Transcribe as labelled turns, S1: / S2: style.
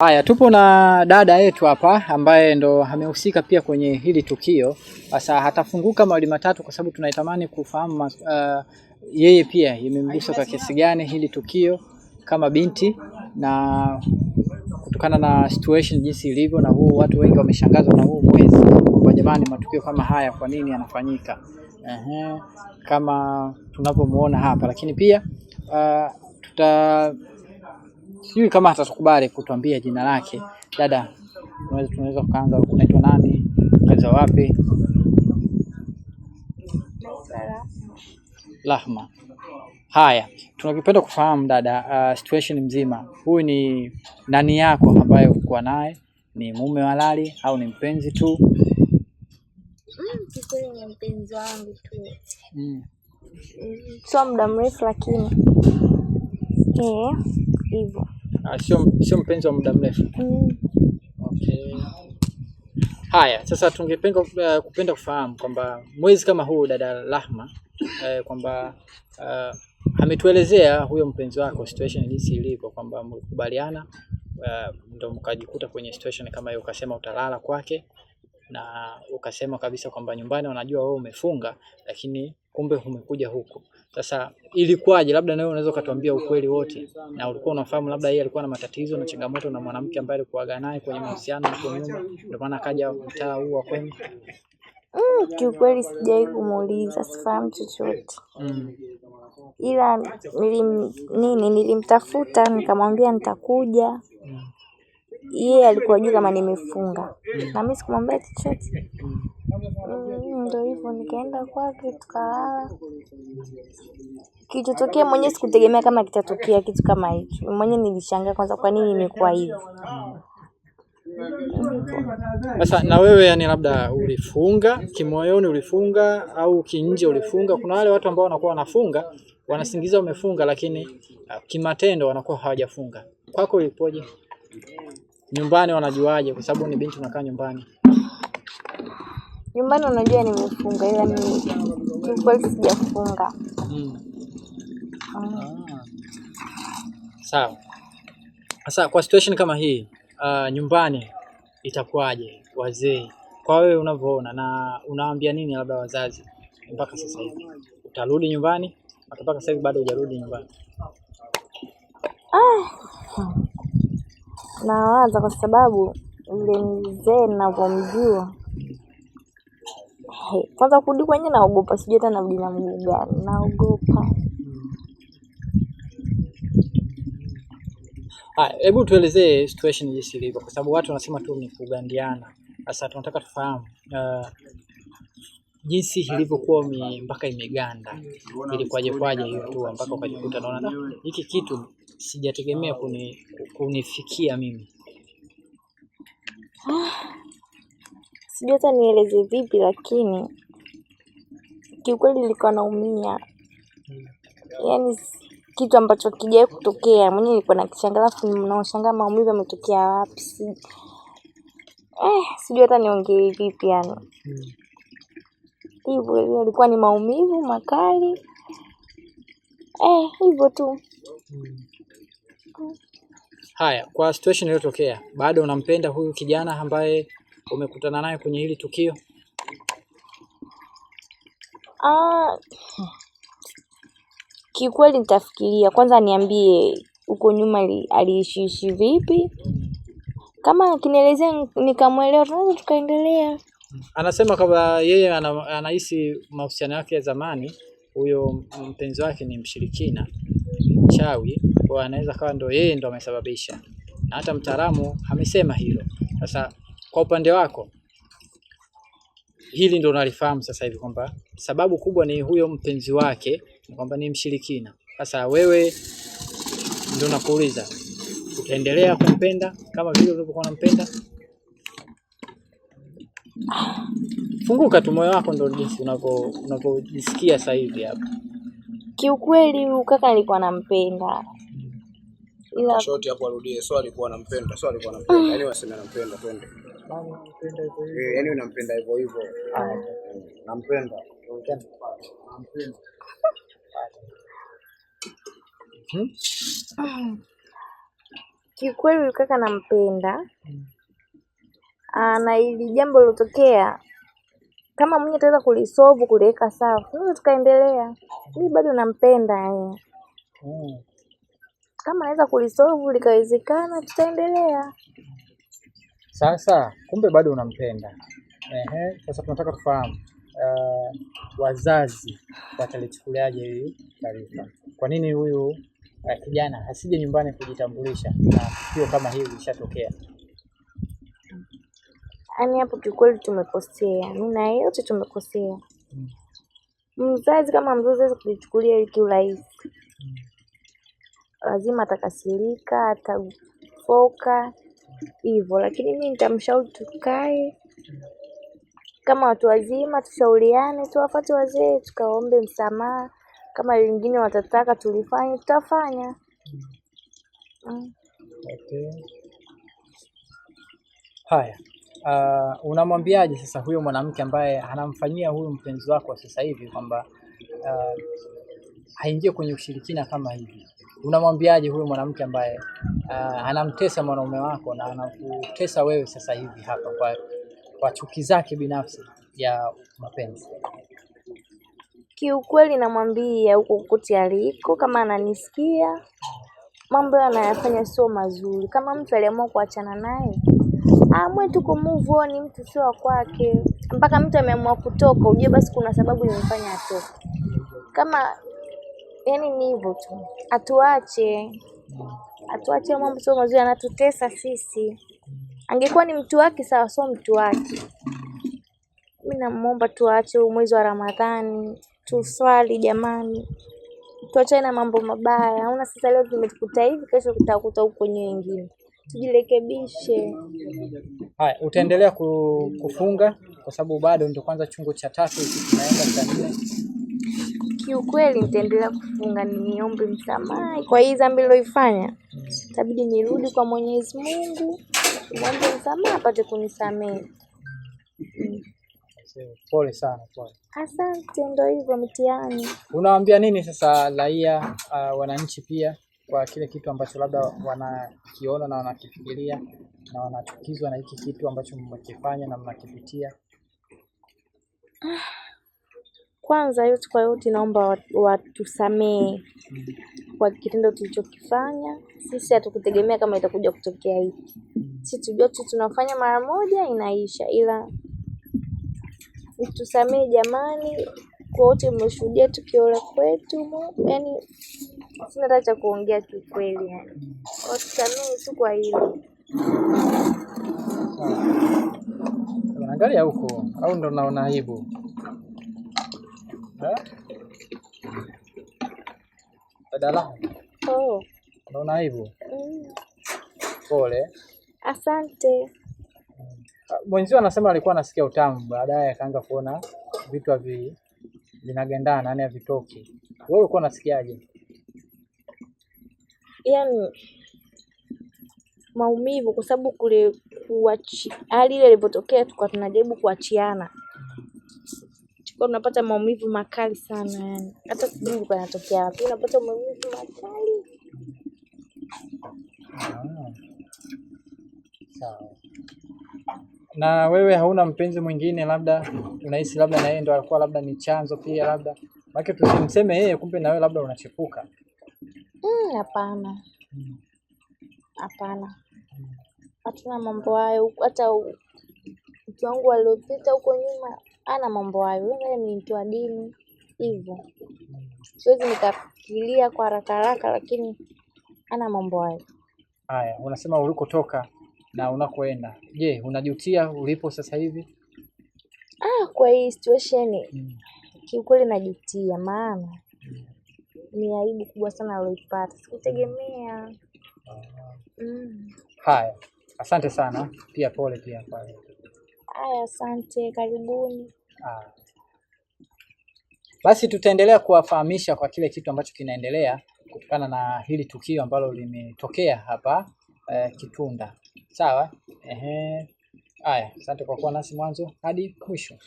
S1: Haya, tupo na dada yetu hapa ambaye ndo amehusika pia kwenye hili tukio. Sasa hatafunguka mawali matatu, kwa sababu tunaitamani kufahamu uh, yeye pia imemgusa kwa kiasi gani hili tukio kama binti, na kutokana na situation jinsi ilivyo, na huu watu wengi wameshangazwa na huu mwezi kwa jamani, matukio kama haya kwa nini yanafanyika, -huh. kama tunavyomuona hapa, lakini pia uh, tuta sijui kama atakubali kutuambia jina lake. Dada, unaweza tunaweza kuanza, unaitwa nani? Kaza wapi? Rahma. Haya, tunakipenda kufahamu dada, uh, situation mzima. Huyu ni nani yako ambaye ulikuwa naye? Ni mume wa lali au ni mpenzi tu? Mm,
S2: kikweli ni mpenzi wangu tu, mm. Mm, sio muda mrefu, lakini eh hivyo.
S1: Ah, sio sio mpenzi wa muda mrefu mm. Okay. Haya, sasa tungependa uh, kupenda kufahamu kwamba mwezi kama huu dada Rahma eh, kwamba uh, ametuelezea huyo mpenzi wako situation jinsi ilivyo kwamba mlikubaliana uh, ndo mkajikuta kwenye situation kama hiyo, ukasema utalala kwake na ukasema kabisa kwamba nyumbani wanajua wewe umefunga, lakini kumbe umekuja huku. Sasa ilikuwaje? Labda nawe unaweza ukatuambia ukweli wote, na ulikuwa unafahamu labda yeye alikuwa na matatizo na changamoto na mwanamke ambaye alikuwa naye kwenye mahusiano huko nyuma, ndio maana akaja mtaa huu wa kwenu?
S2: Mm, kiukweli sijawahi kumuuliza, sifahamu chochote mm. Ila nilim, nini nilimtafuta nikamwambia nitakuja mm yeye alikuwa juu kama nimefunga, na mimi sikumwambia chochote. Mm, ndio hivyo, nikaenda kwake tukalala. Kilichotokea mwenyewe sikutegemea kama kitatokea kitu kama hicho. Mwenyewe nilishangaa kwanza, kwa nini imekuwa hivi.
S1: Sasa na wewe yani, labda ulifunga kimoyoni, ulifunga au kinje ulifunga? Kuna wale watu ambao wanakuwa wanafunga wanasingiza wamefunga, lakini ah, kimatendo wanakuwa hawajafunga. Kwako ilipoje? Nyumbani wanajuaje? Kwa sababu ni binti unakaa nyumbani.
S2: Nyumbani unajua nimefunga, ila mimi sijafunga.
S1: Hmm. Sawa. Sasa kwa situation kama hii uh, nyumbani itakuwaje wazee kwa wewe unavyoona, na unaambia nini labda wazazi mpaka sasa hivi? Utarudi nyumbani? Mpaka sasa hivi bado hujarudi nyumbani?
S2: Ah nawaza kwa sababu yule mzee ninavyomjua kwanza kurudi kwenye naogopa, sijui hata narudi na mguu gani, naogopa.
S1: Hebu tuelezee situation jinsi ilivyo, kwa sababu watu wanasema tu ni kugandiana. Sasa tunataka tufahamu uh, jinsi ilivyokuwa mpaka imeganda, ilikwaje kwaje hiyo tu, mpaka ukajikuta naona hiki kitu sijategemea kuni, kunifikia mimi.
S2: Ah, sijui hata nieleze vipi, lakini kiukweli nilikuwa naumia hmm. Yaani kitu ambacho kijae kutokea, mwenyewe nilikuwa kishanga alafu naoshanga maumivu yametokea wapi? Eh, sijui hata niongee vipi yani hmm hivyo ilikuwa ni maumivu makali eh, hivyo tu
S1: hmm. Haya, kwa situation iliyotokea, bado unampenda huyu kijana ambaye umekutana naye kwenye hili tukio?
S2: Ah, kiukweli nitafikiria kwanza, niambie huko nyuma aliishiishi vipi. Kama akinielezea nikamwelewa, tunaweza tukaendelea.
S1: Anasema kwamba yeye anahisi mahusiano yake ya zamani, huyo mpenzi wake ni mshirikina, mchawi, kwa anaweza kawa ndo yeye ndo amesababisha, na hata mtaalamu amesema hilo. Sasa kwa upande wako hili ndo unalifahamu sasa hivi kwamba sababu kubwa ni huyo mpenzi wake, kwamba ni mshirikina. Sasa wewe ndo nakuuliza, utaendelea kumpenda kama vile ulivyokuwa unampenda? Funguka tu moyo wako, ndio jinsi unavyojisikia sasa hivi hapa.
S2: Kiukweli huyu kaka alikuwa anampenda
S1: ila shoti hapo, arudie swali. Alikuwa anampenda swali, alikuwa anampenda yani, wasema anampenda, twende. Anampenda hivyo hivyo, eh, yani unampenda hivyo hivyo, ah. nampenda nampenda.
S2: Hmm? Kiukweli huyu kaka nampenda. Hmm. Ah, na ili jambo lilotokea kama mwenye ataweza kulisolve kuliweka sawa, tunaweza tukaendelea. Mimi bado nampenda yeye. Mm. Kama naweza kulisolve likawezekana, tutaendelea.
S1: Sasa kumbe bado unampenda. Ehe, sasa tunataka kufahamu uh, eh, wazazi watalichukuliaje hii taarifa? Kwa nini huyu uh, kijana hasije nyumbani kujitambulisha na tukio kama hili lishatokea?
S2: yani hapo kiukweli tumekosea, mimi na yote tumekosea. Mzazi kama mzazi awezi kulichukulia hiyo kiurahisi. Lazima atakasirika, atafoka hivyo, lakini mimi nitamshauri tukae kama watu wazima, tushauriane, tuwafate wazee, tukaombe msamaha. Kama wengine watataka tulifanye, tutafanya. mm.
S1: Okay. Haya uh, unamwambiaje sasa huyo mwanamke ambaye anamfanyia huyu mpenzi wako sasa hivi kwamba uh, aingie kwenye ushirikina kama hivi? Unamwambiaje huyo mwanamke ambaye uh, anamtesa mwanaume wako na anakutesa wewe sasa hivi hapa kwa, kwa chuki zake binafsi ya mapenzi?
S2: Kiukweli namwambia huko kuti aliko, kama ananisikia mambo anayofanya sio mazuri, kama mtu aliamua kuachana naye amwe ah, tu move on, mtu sio wa kwake. Mpaka mtu ameamua kutoka, ujue basi kuna sababu imemfanya atoke. Kama yani ni hivyo tu, atuache atuache, mambo sio mazuri, anatutesa sisi. Angekuwa ni mtu wake sawa, sio mtu wake. Mi namuomba tuache huu mwezi wa Ramadhani, tuswali jamani, tuachane na mambo mabaya. Una sasa leo tumekuta hivi, kesho tutakuta huko kwenye wengine tujirekebishe.
S1: Haya, utaendelea kufunga kwa sababu bado ndio kwanza chungu cha tatu kinaenda cha nne.
S2: Kiukweli nitaendelea kufunga, niombe msamaha kwa hii dhambi niloifanya. Itabidi nirudi kwa Mwenyezi Mungu, niombe msamaha apate kunisamehe.
S1: Pole sana, pole.
S2: Asante, ndio hivyo mtihani.
S1: Unawaambia nini sasa raia, uh, wananchi pia kwa kile kitu ambacho labda wanakiona na wanakifikiria na wanachukizwa na hiki kitu ambacho mmekifanya na mnakipitia?
S2: Kwanza yote kwa yote, naomba watusamehe kwa kitendo tulichokifanya. Sisi hatukutegemea kama itakuja kutokea hiki. Sisi tujua tu tunafanya mara moja inaisha, ila utusamee jamani, kwa wote mmeshuhudia tukio la kwetu, yaani sina hata cha kuongea kiukweli, yani wasamehe tu kwa hilo.
S1: Unaangalia huko au ndo naona aibu? Badala oh, naona aibu. Mm. Pole.
S2: Asante.
S1: Mwenzio anasema alikuwa anasikia utamu, baadaye akaanza kuona vitu vinagendana vinagandana, yani havitoki. Wewe ulikuwa unasikiaje?
S2: yani maumivu kwa sababu kule hali ile ilivyotokea tukawa tunajaribu kuachiana, tulikuwa tunapata maumivu makali sana yani, hata sijui ilikuwa wapi, unapata maumivu makali
S1: sawa. Na wewe hauna mpenzi mwingine, labda unahisi labda na yeye ndo alikuwa labda ni chanzo pia, labda maana tusimseme yeye, kumbe na wewe labda unachepuka.
S2: Mm, hapana, hapana. Hatuna mambo hayo, hata mtu wangu aliopita huko nyuma ana mambo hayo, yeye ni mtu wa dini hivyo, siwezi nikafikiria kwa haraka haraka, lakini hana mambo hayo.
S1: Haya, unasema ulikotoka na unakoenda. Je, unajutia ulipo sasa hivi?
S2: Ah, kwa hii situation mm. kiukweli najutia maana ni aibu kubwa sana aloipata sikutegemea. Mm.
S1: Haya, asante sana pia, pole pia kwa haya.
S2: Asante, karibuni.
S1: Basi tutaendelea kuwafahamisha kwa kile kitu ambacho kinaendelea kutokana na hili tukio ambalo limetokea hapa eh, Kitunda. Sawa, ehe. Haya, asante kwa kuwa nasi mwanzo hadi mwisho.